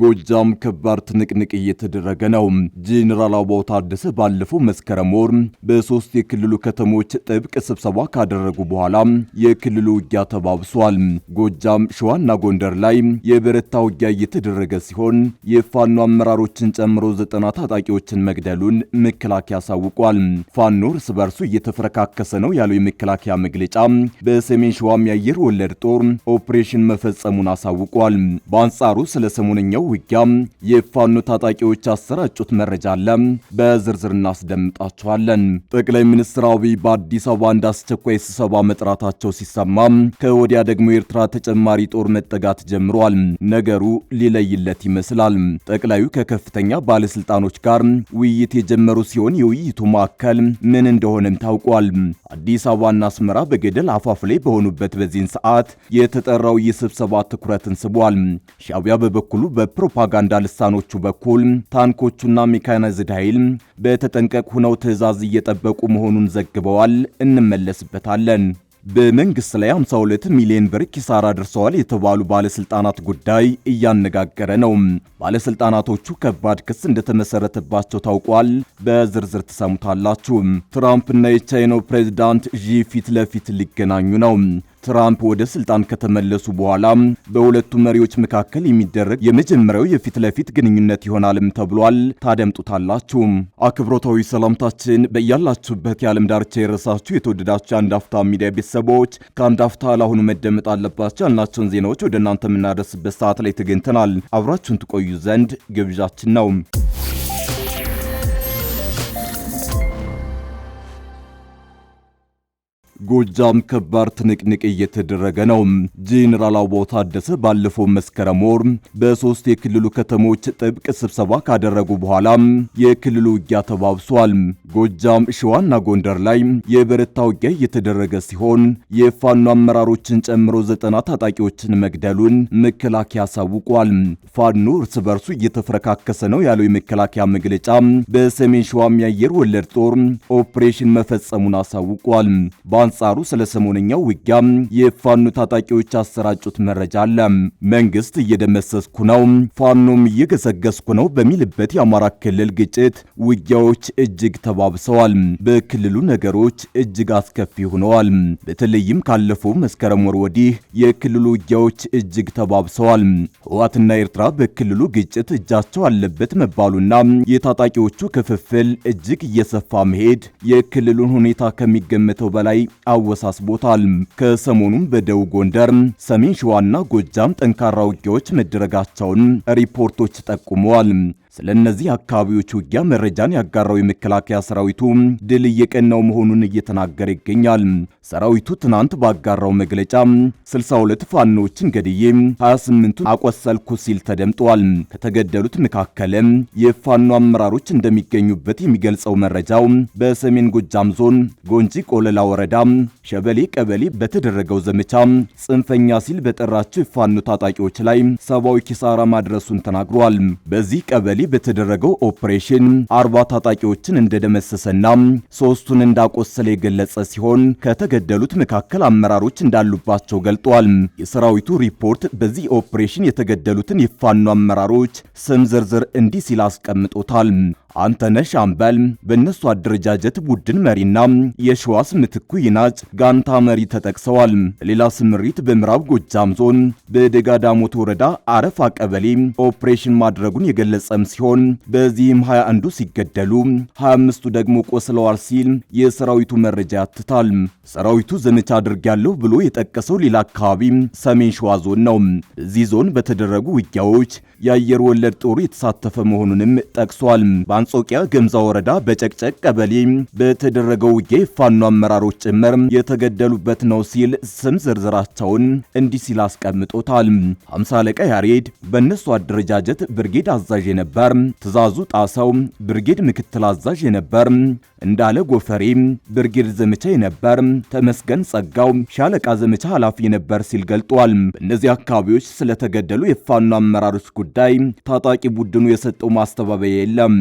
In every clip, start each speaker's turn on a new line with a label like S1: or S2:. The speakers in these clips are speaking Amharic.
S1: ጎጃም ከባድ ትንቅንቅ እየተደረገ ነው። ጄኔራል አበባው ታደሰ ባለፈው መስከረም ወር በሶስት የክልሉ ከተሞች ጥብቅ ስብሰባ ካደረጉ በኋላ የክልሉ ውጊያ ተባብሷል። ጎጃም፣ ሸዋና ጎንደር ላይ የበረታ ውጊያ እየተደረገ ሲሆን የፋኖ አመራሮችን ጨምሮ ዘጠና ታጣቂዎችን መግደሉን መከላከያ አሳውቋል። ፋኖ እርስ በርሱ እየተፈረካከሰ ነው ያለው የመከላከያ መግለጫ በሰሜን ሸዋም የአየር ወለድ ጦር ኦፕሬሽን መፈጸሙን አሳውቋል። በአንጻሩ ስለ ሰሞነኛው በተገኘው ውጊያ የፋኖ ታጣቂዎች አሰራጩት መረጃ አለ፣ በዝርዝር እናስደምጣችኋለን። ጠቅላይ ሚኒስትር አብይ በአዲስ አበባ እንደ አስቸኳይ ስብሰባ መጥራታቸው ሲሰማ ከወዲያ ደግሞ ኤርትራ ተጨማሪ ጦር መጠጋት ጀምሯል። ነገሩ ሊለይለት ይመስላል። ጠቅላዩ ከከፍተኛ ባለስልጣኖች ጋር ውይይት የጀመሩ ሲሆን የውይይቱ ማዕከል ምን እንደሆነም ታውቋል። አዲስ አበባና አስመራ በገደል አፋፍ ላይ በሆኑበት በዚህን ሰዓት የተጠራው የስብሰባ ትኩረትን ስቧል። ሻቢያ በበኩሉ በ በፕሮፓጋንዳ ልሳኖቹ በኩል ታንኮቹና ሜካናይዝድ ኃይል በተጠንቀቅ ሆነው ትዕዛዝ እየጠበቁ መሆኑን ዘግበዋል። እንመለስበታለን። በመንግስት ላይ 52 ሚሊዮን ብር ኪሳራ ደርሰዋል የተባሉ ባለስልጣናት ጉዳይ እያነጋገረ ነው። ባለስልጣናቶቹ ከባድ ክስ እንደተመሰረተባቸው ታውቋል። በዝርዝር ትሰሙታላችሁ። ትራምፕና የቻይናው ፕሬዚዳንት ዢ ፊት ለፊት ሊገናኙ ነው። ትራምፕ ወደ ስልጣን ከተመለሱ በኋላ በሁለቱ መሪዎች መካከል የሚደረግ የመጀመሪያው የፊት ለፊት ግንኙነት ይሆናልም ተብሏል። ታደምጡታላችሁ። አክብሮታዊ ሰላምታችን በያላችሁበት የዓለም ዳርቻ የረሳችሁ የተወደዳችሁ የአንድ አፍታ ሚዲያ ቤተሰቦች ከአንድ አፍታ ለአሁኑ መደመጥ አለባቸው ያልናቸውን ዜናዎች ወደ እናንተ የምናደርስበት ሰዓት ላይ ተገኝተናል። አብራችሁን ትቆዩ ዘንድ ግብዣችን ነው። ጎጃም ከባድ ትንቅንቅ እየተደረገ ነው። ጄኔራል አበባው ታደሰ ባለፈው መስከረም ወር በሶስት የክልሉ ከተሞች ጥብቅ ስብሰባ ካደረጉ በኋላ የክልሉ ውጊያ ተባብሷል። ጎጃም፣ ሸዋና ጎንደር ላይ የበረታ ውጊያ እየተደረገ ሲሆን የፋኖ አመራሮችን ጨምሮ ዘጠና ታጣቂዎችን መግደሉን መከላከያ አሳውቋል። ፋኖ እርስ በርሱ እየተፈረካከሰ ነው ያለው የመከላከያ መግለጫ በሰሜን ሸዋም የአየር ወለድ ጦር ኦፕሬሽን መፈጸሙን አሳውቋል። በአንጻሩ ስለ ሰሞነኛው ውጊያ የፋኖ ታጣቂዎች አሰራጩት መረጃ አለ። መንግስት እየደመሰስኩ ነው፣ ፋኖም እየገሰገስኩ ነው በሚልበት የአማራ ክልል ግጭት ውጊያዎች እጅግ ተባብሰዋል። በክልሉ ነገሮች እጅግ አስከፊ ሆነዋል። በተለይም ካለፈው መስከረም ወር ወዲህ የክልሉ ውጊያዎች እጅግ ተባብሰዋል። ህወሓትና ኤርትራ በክልሉ ግጭት እጃቸው አለበት መባሉና የታጣቂዎቹ ክፍፍል እጅግ እየሰፋ መሄድ የክልሉን ሁኔታ ከሚገመተው በላይ አወሳስቦታል። ከሰሞኑም በደቡብ ጎንደር፣ ሰሜን ሸዋና ጎጃም ጠንካራ ውጊያዎች መደረጋቸውን ሪፖርቶች ጠቁመዋል። ስለነዚህ አካባቢዎች ውጊያ መረጃን ያጋራው የመከላከያ ሰራዊቱ ድል እየቀናው መሆኑን እየተናገረ ይገኛል። ሰራዊቱ ትናንት ባጋራው መግለጫ 62 ፋኖዎችን ገድዬ 28ቱን አቆሰልኩ ሲል ተደምጧል። ከተገደሉት መካከልም የፋኖ አመራሮች እንደሚገኙበት የሚገልጸው መረጃው በሰሜን ጎጃም ዞን ጎንጂ ቆለላ ወረዳ ሸበሌ ቀበሌ በተደረገው ዘመቻ ጽንፈኛ ሲል በጠራቸው የፋኖ ታጣቂዎች ላይ ሰብአዊ ኪሳራ ማድረሱን ተናግሯል። በዚህ ቀበሌ በተደረገው ኦፕሬሽን አርባ ታጣቂዎችን እንደደመሰሰና ሶስቱን እንዳቆሰለ የገለጸ ሲሆን ከተገደሉት መካከል አመራሮች እንዳሉባቸው ገልጧል። የሰራዊቱ ሪፖርት በዚህ ኦፕሬሽን የተገደሉትን የፋኖ አመራሮች ስም ዝርዝር እንዲህ ሲል አስቀምጦታል። አንተነሽ አምበል በእነሱ አደረጃጀት ቡድን መሪና የሸዋስ ምትኩ ይናጭ ጋንታ መሪ ተጠቅሰዋል። ሌላ ስምሪት በምዕራብ ጎጃም ዞን በደጋ ዳሞት ወረዳ አረፋ ቀበሌ ኦፕሬሽን ማድረጉን የገለጸም ሲሆን በዚህም 21 ሲገደሉ 25ቱ ደግሞ ቆስለዋል ሲል የሰራዊቱ መረጃ ያትታል። ሰራዊቱ ዘመቻ አድርጊያለሁ ብሎ የጠቀሰው ሌላ አካባቢ ሰሜን ሸዋ ዞን ነው። እዚህ ዞን በተደረጉ ውጊያዎች የአየር ወለድ ጦሩ የተሳተፈ መሆኑንም ጠቅሷል። በአንጾቂያ ገምዛ ወረዳ በጨቅጨቅ ቀበሌ በተደረገው ውጊያ የፋኖ አመራሮች ጭምር የተገደሉበት ነው ሲል ስም ዝርዝራቸውን እንዲህ ሲል አስቀምጦታል። ሃምሳ አለቃ ያሬድ በእነሱ አደረጃጀት ብርጌድ አዛዥ የነበር፣ ትዛዙ ጣሰው ብርጌድ ምክትል አዛዥ የነበር፣ እንዳለ ጎፈሬ ብርጌድ ዘመቻ የነበር፣ ተመስገን ጸጋው ሻለቃ ዘመቻ ኃላፊ የነበር ሲል ገልጧል። በእነዚህ አካባቢዎች ስለተገደሉ የፋኖ አመራሮች ጉዳይ ታጣቂ ቡድኑ የሰጠው ማስተባበያ የለም።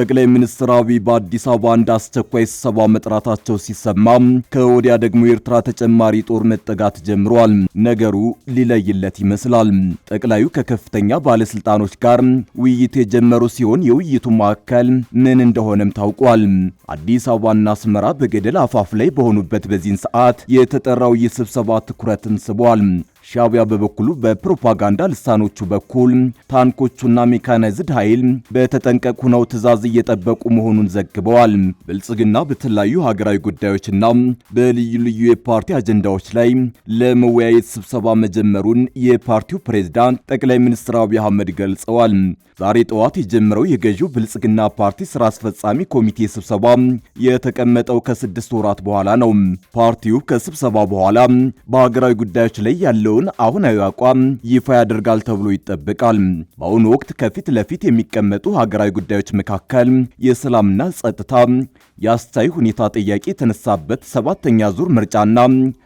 S1: ጠቅላይ ሚኒስትር አብይ በአዲስ አበባ እንደ አስቸኳይ ስብሰባ መጥራታቸው ሲሰማም ከወዲያ ደግሞ የኤርትራ ተጨማሪ ጦር መጠጋት ጀምሯል። ነገሩ ሊለይለት ይመስላል። ጠቅላዩ ከከፍተኛ ባለስልጣኖች ጋር ውይይት የጀመሩ ሲሆን የውይይቱ ማዕከል ምን እንደሆነም ታውቋል። አዲስ አበባና አስመራ በገደል አፋፍ ላይ በሆኑበት በዚህን ሰዓት የተጠራው ይህ ስብሰባ ትኩረትን ስቧል። ሻቢያ በበኩሉ በፕሮፓጋንዳ ልሳኖቹ በኩል ታንኮቹና ሜካናይዝድ ኃይል በተጠንቀቁ ነው ትዕዛዝ እየጠበቁ መሆኑን ዘግበዋል። ብልጽግና በተለያዩ ሀገራዊ ጉዳዮችና በልዩ ልዩ የፓርቲ አጀንዳዎች ላይ ለመወያየት ስብሰባ መጀመሩን የፓርቲው ፕሬዝዳንት ጠቅላይ ሚኒስትር አብይ አህመድ ገልጸዋል። ዛሬ ጠዋት የጀመረው የገዢው ብልጽግና ፓርቲ ስራ አስፈጻሚ ኮሚቴ ስብሰባ የተቀመጠው ከስድስት ወራት በኋላ ነው። ፓርቲው ከስብሰባ በኋላ በሀገራዊ ጉዳዮች ላይ ያለው ያለውን አሁናዊ አቋም ይፋ ያደርጋል ተብሎ ይጠበቃል። በአሁኑ ወቅት ከፊት ለፊት የሚቀመጡ ሀገራዊ ጉዳዮች መካከል የሰላምና ጸጥታ፣ የአስቻይ ሁኔታ ጥያቄ የተነሳበት ሰባተኛ ዙር ምርጫና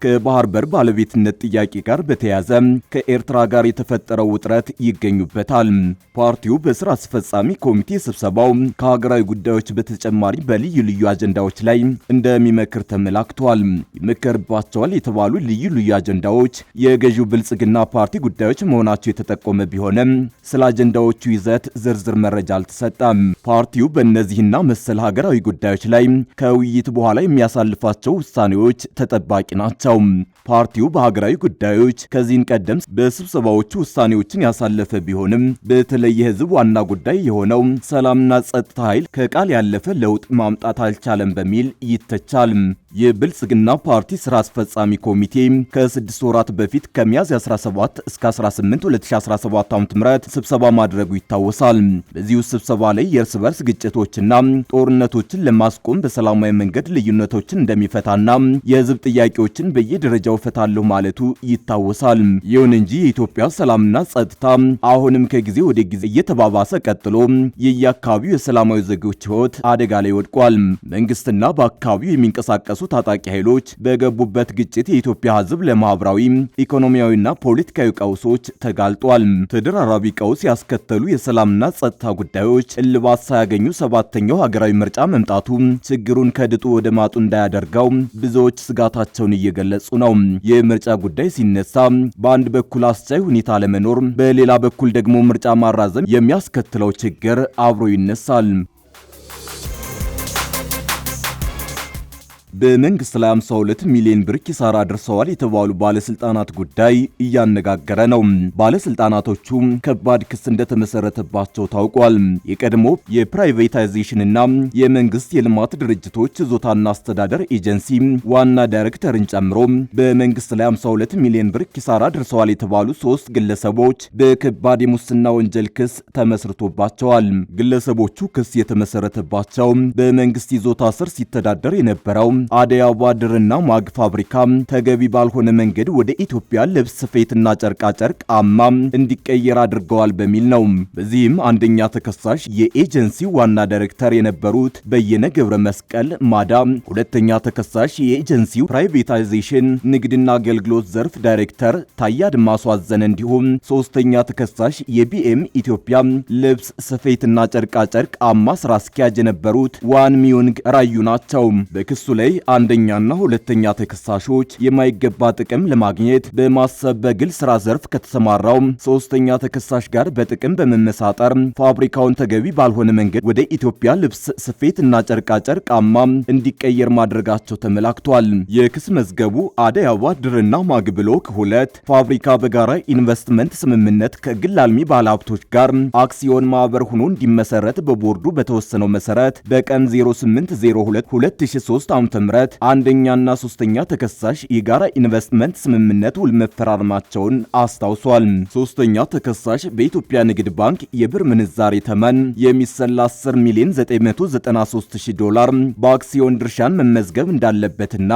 S1: ከባህር በር ባለቤትነት ጥያቄ ጋር በተያያዘ ከኤርትራ ጋር የተፈጠረው ውጥረት ይገኙበታል። ፓርቲው በስራ አስፈጻሚ ኮሚቴ ስብሰባው ከሀገራዊ ጉዳዮች በተጨማሪ በልዩ ልዩ አጀንዳዎች ላይ እንደሚመክር ተመላክቷል። ይመከርባቸዋል የተባሉ ልዩ ልዩ አጀንዳዎች የገዢ ብልጽግና ፓርቲ ጉዳዮች መሆናቸው የተጠቆመ ቢሆንም ስለ አጀንዳዎቹ ይዘት ዝርዝር መረጃ አልተሰጠም። ፓርቲው በእነዚህና መሰል ሀገራዊ ጉዳዮች ላይ ከውይይት በኋላ የሚያሳልፋቸው ውሳኔዎች ተጠባቂ ናቸው። ፓርቲው በሀገራዊ ጉዳዮች ከዚህን ቀደም በስብሰባዎቹ ውሳኔዎችን ያሳለፈ ቢሆንም በተለየ የህዝብ ዋና ጉዳይ የሆነው ሰላምና ጸጥታ ኃይል ከቃል ያለፈ ለውጥ ማምጣት አልቻለም በሚል ይተቻል። የብልጽግና ፓርቲ ስራ አስፈጻሚ ኮሚቴ ከስድስት ወራት በፊት ከሚያዝያ 17 እስከ 18 2017 ዓ.ም ስብሰባ ማድረጉ ይታወሳል። በዚሁ ስብሰባ ላይ የእርስ በርስ ግጭቶችና ጦርነቶችን ለማስቆም በሰላማዊ መንገድ ልዩነቶችን እንደሚፈታና የህዝብ ጥያቄዎችን በየደረጃው ፈታለሁ ማለቱ ይታወሳል። ይሁን እንጂ የኢትዮጵያ ሰላምና ጸጥታ አሁንም ከጊዜ ወደ ጊዜ እየተባባሰ ቀጥሎ የየአካባቢው የሰላማዊ ዜጎች ህይወት አደጋ ላይ ወድቋል። መንግስትና በአካባቢው የሚንቀሳቀሱ የተቀሰቀሱ ታጣቂ ኃይሎች በገቡበት ግጭት የኢትዮጵያ ሕዝብ ለማህበራዊ ኢኮኖሚያዊና ፖለቲካዊ ቀውሶች ተጋልጧል። ተደራራቢ ቀውስ ያስከተሉ የሰላምና ጸጥታ ጉዳዮች እልባት ሳያገኙ ሰባተኛው ሀገራዊ ምርጫ መምጣቱ ችግሩን ከድጡ ወደ ማጡ እንዳያደርገው ብዙዎች ስጋታቸውን እየገለጹ ነው። የምርጫ ጉዳይ ሲነሳ በአንድ በኩል አስቻይ ሁኔታ ለመኖር፣ በሌላ በኩል ደግሞ ምርጫ ማራዘም የሚያስከትለው ችግር አብሮ ይነሳል። በመንግስት ላይ 52 ሚሊዮን ብር ኪሳራ አድርሰዋል የተባሉ ባለስልጣናት ጉዳይ እያነጋገረ ነው። ባለስልጣናቶቹ ከባድ ክስ እንደተመሰረተባቸው ታውቋል። የቀድሞ የፕራይቬታይዜሽንና የመንግስት የልማት ድርጅቶች ይዞታና አስተዳደር ኤጀንሲ ዋና ዳይሬክተርን ጨምሮ በመንግስት ላይ 52 ሚሊዮን ብር ኪሳራ አድርሰዋል የተባሉ ሶስት ግለሰቦች በከባድ የሙስና ወንጀል ክስ ተመስርቶባቸዋል። ግለሰቦቹ ክስ የተመሰረተባቸው በመንግስት ይዞታ ስር ሲተዳደር የነበረው አደይ አበባ ድርና ማግ ፋብሪካ ተገቢ ባልሆነ መንገድ ወደ ኢትዮጵያ ልብስ ስፌትና ጨርቃጨርቅ አማ እንዲቀየር አድርገዋል በሚል ነው። በዚህም አንደኛ ተከሳሽ የኤጀንሲ ዋና ዳይሬክተር የነበሩት በየነ ገብረ መስቀል ማዳ፣ ሁለተኛ ተከሳሽ የኤጀንሲው ፕራይቬታይዜሽን ንግድና አገልግሎት ዘርፍ ዳይሬክተር ታዬ አድማሱ አዘነ እንዲሁም ሶስተኛ ተከሳሽ የቢኤም ኢትዮጵያ ልብስ ስፌትና ጨርቃጨርቅ አማ ስራ አስኪያጅ የነበሩት ዋን ሚዮንግ ራዩ ናቸው። በክሱ ላይ በተለይ አንደኛና ሁለተኛ ተከሳሾች የማይገባ ጥቅም ለማግኘት በማሰብ በግል ስራ ዘርፍ ከተሰማራው ሶስተኛ ተከሳሽ ጋር በጥቅም በመመሳጠር ፋብሪካውን ተገቢ ባልሆነ መንገድ ወደ ኢትዮጵያ ልብስ ስፌት እና ጨርቃጨርቅ አማ እንዲቀየር ማድረጋቸው ተመላክቷል። የክስ መዝገቡ አደይ አበባ ድርና ማግብሎክ ሁለት ፋብሪካ በጋራ ኢንቨስትመንት ስምምነት ከግል አልሚ ባለሀብቶች ጋር አክሲዮን ማህበር ሆኖ እንዲመሰረት በቦርዱ በተወሰነው መሰረት በቀን 0802 2003 ዓ በመምረት አንደኛና ሶስተኛ ተከሳሽ የጋራ ኢንቨስትመንት ስምምነት ውል መፈራረማቸውን አስታውሷል። ሶስተኛ ተከሳሽ በኢትዮጵያ ንግድ ባንክ የብር ምንዛሬ ተመን የሚሰላ 10 ሚሊዮን 993 ዶላር በአክሲዮን ድርሻን መመዝገብ እንዳለበትና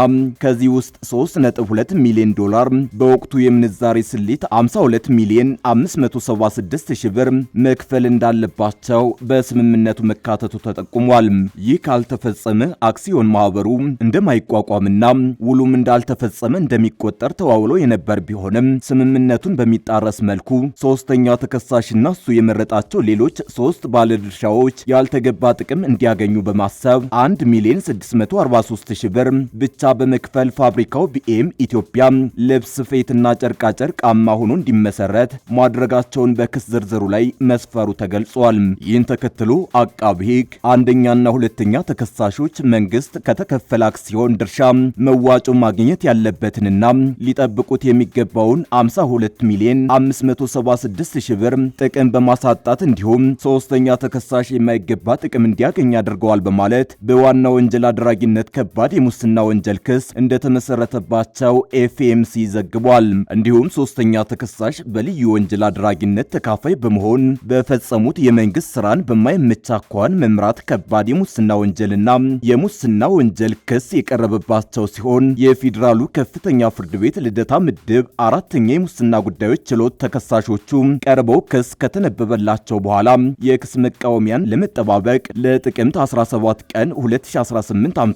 S1: ከዚህ ውስጥ 3.2 ሚሊዮን ዶላር በወቅቱ የምንዛሬ ስሌት 52 ሚሊዮን 576 ብር መክፈል እንዳለባቸው በስምምነቱ መካተቱ ተጠቁሟል። ይህ ካልተፈጸመ አክሲዮን ማህበሩ እንደማይቋቋምና ውሉም እንዳልተፈጸመ እንደሚቆጠር ተዋውሎ የነበር ቢሆንም ስምምነቱን በሚጣረስ መልኩ ሶስተኛ ተከሳሽና እሱ የመረጣቸው ሌሎች ሶስት ባለድርሻዎች ያልተገባ ጥቅም እንዲያገኙ በማሰብ 1 ሚሊዮን 643 ሺህ ብር ብቻ በመክፈል ፋብሪካው ቢኤም ኢትዮጵያ ልብስ ስፌትና ጨርቃጨርቅ አማ ሆኖ እንዲመሰረት ማድረጋቸውን በክስ ዝርዝሩ ላይ መስፈሩ ተገልጿል። ይህን ተከትሎ አቃቢ ሕግ አንደኛና ሁለተኛ ተከሳሾች መንግስት ከተከፈለ ሲሆን ድርሻ መዋጮ ማግኘት ያለበትንና ሊጠብቁት የሚገባውን 52 ሚሊዮን 576 ሺህ ብር ጥቅም በማሳጣት እንዲሁም ሶስተኛ ተከሳሽ የማይገባ ጥቅም እንዲያገኝ አድርገዋል በማለት በዋና ወንጀል አድራጊነት ከባድ የሙስና ወንጀል ክስ እንደተመሰረተባቸው ኤፍኤምሲ ዘግቧል። እንዲሁም ሶስተኛ ተከሳሽ በልዩ ወንጀል አድራጊነት ተካፋይ በመሆን በፈጸሙት የመንግስት ስራን በማይመቻኳን መምራት ከባድ የሙስና ወንጀልና የሙስና ወንጀል ክስ ክስ የቀረበባቸው ሲሆን የፌዴራሉ ከፍተኛ ፍርድ ቤት ልደታ ምድብ አራተኛ የሙስና ጉዳዮች ችሎት ተከሳሾቹ ቀርበው ክስ ከተነበበላቸው በኋላ የክስ መቃወሚያን ለመጠባበቅ ለጥቅምት 17 ቀን 2018 ዓ.ም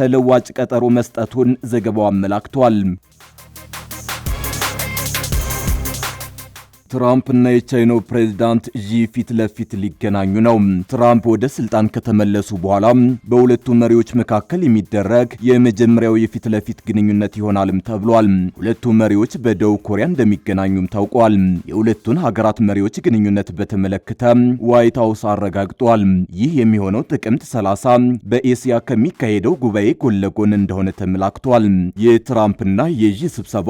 S1: ተለዋጭ ቀጠሮ መስጠቱን ዘገባው አመላክቷል። እና የቻይናው ፕሬዚዳንት ዢ ፊት ለፊት ሊገናኙ ነው። ትራምፕ ወደ ስልጣን ከተመለሱ በኋላ በሁለቱ መሪዎች መካከል የሚደረግ የመጀመሪያው የፊት ለፊት ግንኙነት ይሆናልም ተብሏል። ሁለቱ መሪዎች በደቡብ ኮሪያ እንደሚገናኙም ታውቋል። የሁለቱን ሀገራት መሪዎች ግንኙነት በተመለከተ ዋይት ሀውስ አረጋግጧል። ይህ የሚሆነው ጥቅምት 30 በኤስያ ከሚካሄደው ጉባኤ ጎን ለጎን እንደሆነ ተመላክቷል። የትራምፕና የዢ ስብሰባ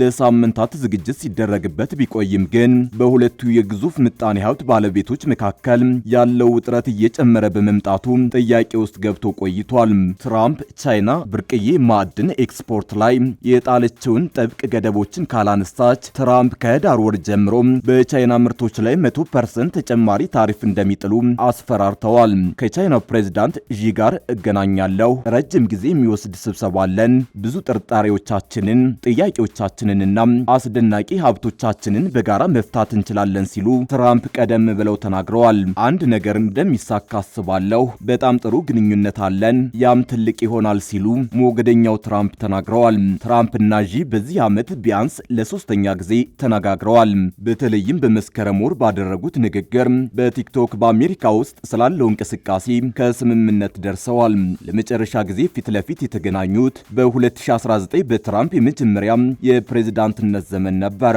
S1: ለሳምንታት ዝግጅት ሲደረግበት ቢቆይም ግን ግን በሁለቱ የግዙፍ ምጣኔ ሀብት ባለቤቶች መካከል ያለው ውጥረት እየጨመረ በመምጣቱ ጥያቄ ውስጥ ገብቶ ቆይቷል። ትራምፕ ቻይና ብርቅዬ ማዕድን ኤክስፖርት ላይ የጣለችውን ጥብቅ ገደቦችን ካላነሳች ትራምፕ ከህዳር ወር ጀምሮ በቻይና ምርቶች ላይ መቶ ፐርሰንት ተጨማሪ ታሪፍ እንደሚጥሉ አስፈራርተዋል። ከቻይናው ፕሬዚዳንት ዢ ጋር እገናኛለሁ። ረጅም ጊዜ የሚወስድ ስብሰባ አለን። ብዙ ጥርጣሬዎቻችንን፣ ጥያቄዎቻችንንና አስደናቂ ሀብቶቻችንን በጋራ መፍታት እንችላለን ሲሉ ትራምፕ ቀደም ብለው ተናግረዋል። አንድ ነገር እንደሚሳካ አስባለሁ። በጣም ጥሩ ግንኙነት አለን፣ ያም ትልቅ ይሆናል ሲሉ ሞገደኛው ትራምፕ ተናግረዋል። ትራምፕ እና ዢ በዚህ ዓመት ቢያንስ ለሶስተኛ ጊዜ ተነጋግረዋል። በተለይም በመስከረም ወር ባደረጉት ንግግር በቲክቶክ በአሜሪካ ውስጥ ስላለው እንቅስቃሴ ከስምምነት ደርሰዋል። ለመጨረሻ ጊዜ ፊት ለፊት የተገናኙት በ2019 በትራምፕ የመጀመሪያ የፕሬዝዳንትነት ዘመን ነበር።